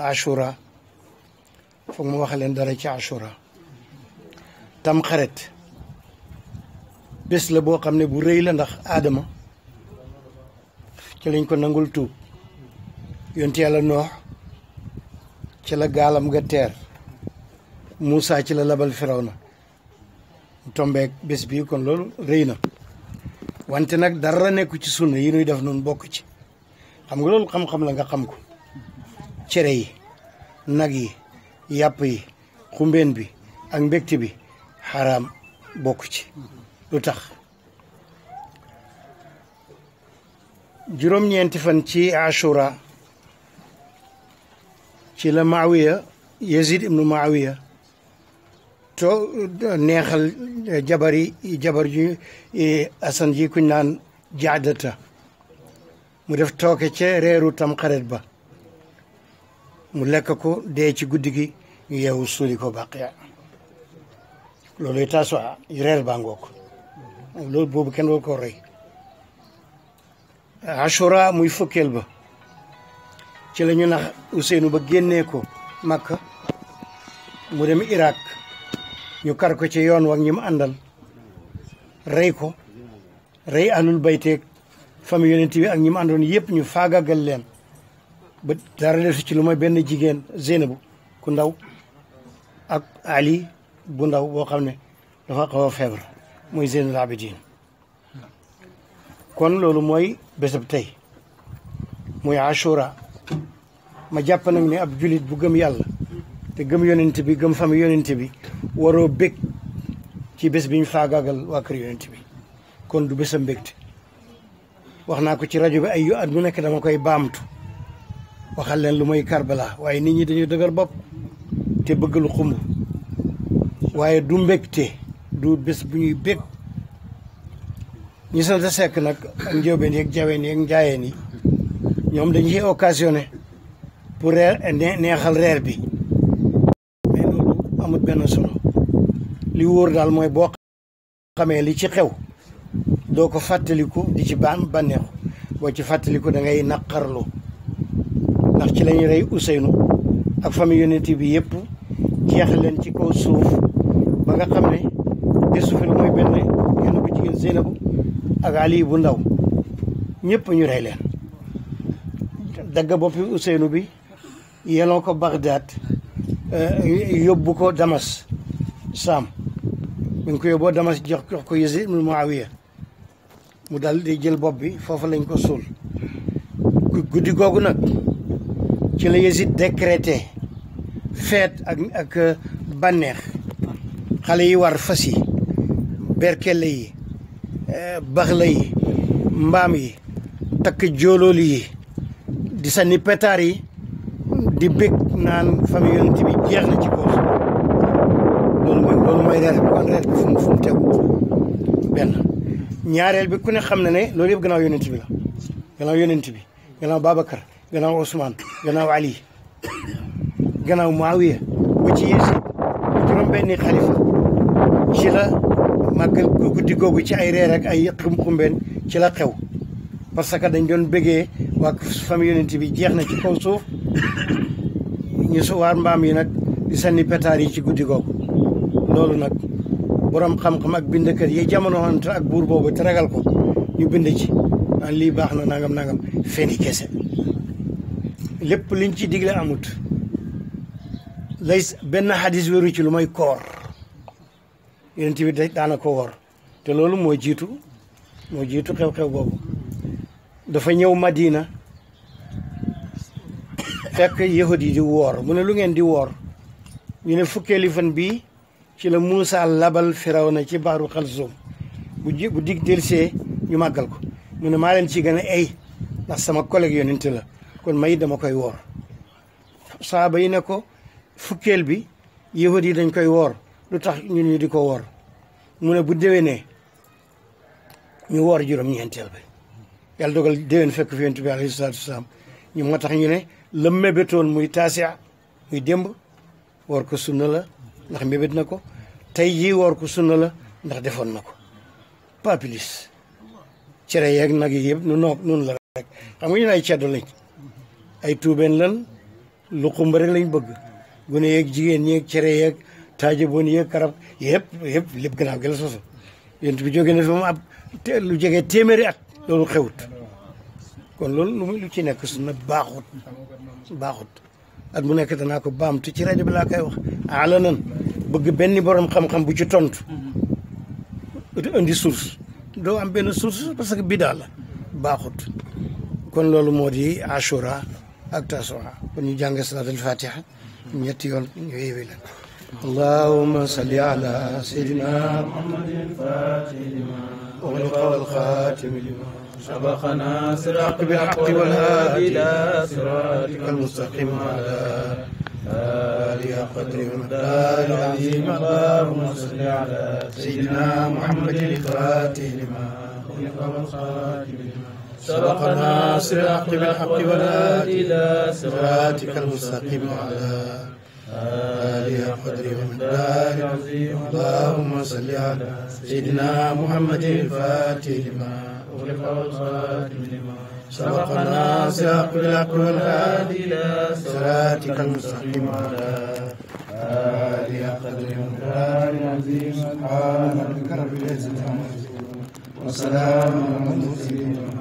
ashura foog mu wax leen dara ci ashura tam xaret bés la boo xam ne bu rëy la ndax aadama ci lañ ko nangul tuub yonti yàlla noox ci la gaalam ga teer Moussa ci la labal Firawna na tombeek bés bii kon loolu rëy na wante nag dara nekku ci sunna yi nuy def noonu bokk ci xam nga loolu xam-xam la nga xam ko cere yi nag yi yàpp yi xumbeen bi ak mbégte bi xaraam bokk ci lu tax juróom-ñeenti fan ci ashura ci la maawiya yazid ibnu maawiya to neexal jabari eh, jabar ji eh, asan ji kuñ naan jaadata mu def tooke ca reeru tam xarit ba mu lekk ko dee ci guddi gi ñu yeewu suuli ko baqiya loolu taasuwaa reer baa ngoog loolu boobu kenn war ko rey ashura muy fukkeel ba ci la ñu nax Ousseynou ba génnee ko Makka mu dem Irak ñu kar ko ci yoon wa ñi mu àndal rey ko rey ahlul bayteeg famille yonent bi ak ñi mu àndoon yëpp ñu faagagal leen ba dara desu ci lu may benn jigéen Zeynabu ku ndaw ak Ali bu ndaw boo xam ne dafa xaw a feebar muy Zeynul Abidin kon loolu mooy bésab tey muy Ashura ma jàpp nag ni ab julit bu gëm yàlla te gëm yonent bi gëm fami yonent bi waroo bég ci bés biñ faagaagal waa kër yonent bi kon du bésam mbégte wax naa ko ci rajo bi ay yu mu nekk dama koy baamtu waxal leen lu may karbala waaye nit ñi dañuy dëgër bopp te bëgg lu xumb waaye du mbégte du bés bu ñuy bég ñi sant sekk nag ak njóobeen yeeg jaween yeeg njaayeen yi ñoom dañuy occasionné pour reer neexal reer bi mais benn solo li wóor daal mooy boo xamee li ci xew doo ko fàttaliku di ci baan boo ci fàttaliku da ngay naqarlu ndax ci lañu rey Ousseynou ak famille yonent bi yëpp jeex leen ci kaw suuf ba nga xam ne Yuusuf mooy benn yéen bu jigéen Zeynabu ak Ali bu ndaw ñépp ñu rey leen dagg boppi Ousseynou bi yeloo ko Bagdad euh, yóbbu ko Damas Saam mi ngi ko yóbboo Damas jox jox ko Yazid ibn Muawiya mu dal di jël bopp bi foofu lañ ko suul guddi googu nag ci la Yezid décrété feet ak ak euh, bànneex xale yi war fas yi berkelle yi euh, baxla yi mbaam yi takk jooloolu yi di sànni pétaar yi di bég naan famille yonent bi jeex na ci koos loolu mooy loolu mooy reer bi kon reer bi benn ñaareel bi ku ne xam na ne loolu yëpp gannaaw yonent bi la gannaaw yonent bi gannaaw Babacar gannaaw Ousmane gannaaw Ali gannaaw Maawiya ba ci yéesi juróom-benni xalifa ci la màggal guddi googu ci ay reer ay xum-xumbeen ci la xew parce que dañ doon bëggee waa famille yonent bi jeex na ci kaw suuf ñu suwaar mbaam yi nag di sànni pétaar yi ci guddi googu loolu nag borom xam-xam ak bindkat yi jamono wante ak buur te ragal ko ñu bind ci naan lii baax na nangam nangam feni kese lépp liñ ci digle amut lay benn xadis wéru ci lu may koor yonent bi daana ko woor te loolu moo jiitu moo jiitu xew-xew boobu dafa ñëw Madina fekk yahud yi di woor mu ne lu ngeen di woor ñu ne fukkeeli fan bii ci la Muusa labal na ci baaru Xalsum bu ji bu dig delsee ñu màggal ko mu ne maa leen ci gën a ay ndax sama collègue yonent la kon may dama koy woor saaba yi ne ko fukkeel bi yahud yi dañ koy woor lu tax ñun ñu di ko woor mu ne bu ne ñu woor juróom-ñeenteel bi yàlla dogal déwén fekk fi yonent bi alayhi salaatu wasalaam ñu moo tax ñu ne la mébétoon muy taasia muy démb woor ko sunna la ndax mébét na ko tey jii woor ko sunna la ndax defoon na ko papilis cere yeeg nag yi yëpp nu noog nun la rek xam nga ñu ne ay lañ ay tuubeen lan lu xumb lañ bëgg gune yeeg jigéen ñeeg cere yeeg taaje bon yeeg karab yëpp yëpp lépp gannaaw gi la soso yent bi jóge na fi moom ab lu jege téeméeri at loolu xewut kon loolu ci nekk sunna baaxut baaxut mu nekk danaa ko baamtu ci rajo bi laa koy bëgg benn borom xam bu ci tontu indi source doo am benn source parce que bidaa la baaxut loolu moo di ashura ak tasawaa kon ñu jàng salaatul fatiha ñetti yoon ñu yeewi la allahumma salli ala sayyidina muhammadin fatih lima ughliqa wal khatim lima sabaqana siraq bil haqq wal hadi ila siratikal mustaqim ala آلي قدر مقدار العظيم اللهم صل على سيدنا محمد الفاتح لما خلق والخاتم لما سبقنا صراط بالحق ولا إلى صراطك المستقيم على آله قدر ومقدار العظيم اللهم صل على سيدنا محمد الفاتح لما أغلق والخاتم لما سبقنا صراط بالحق ولا إلى صراطك المستقيم على آله قدر ومقدار العظيم سبحان ربك رب العزة عما يصفون وسلام على المرسلين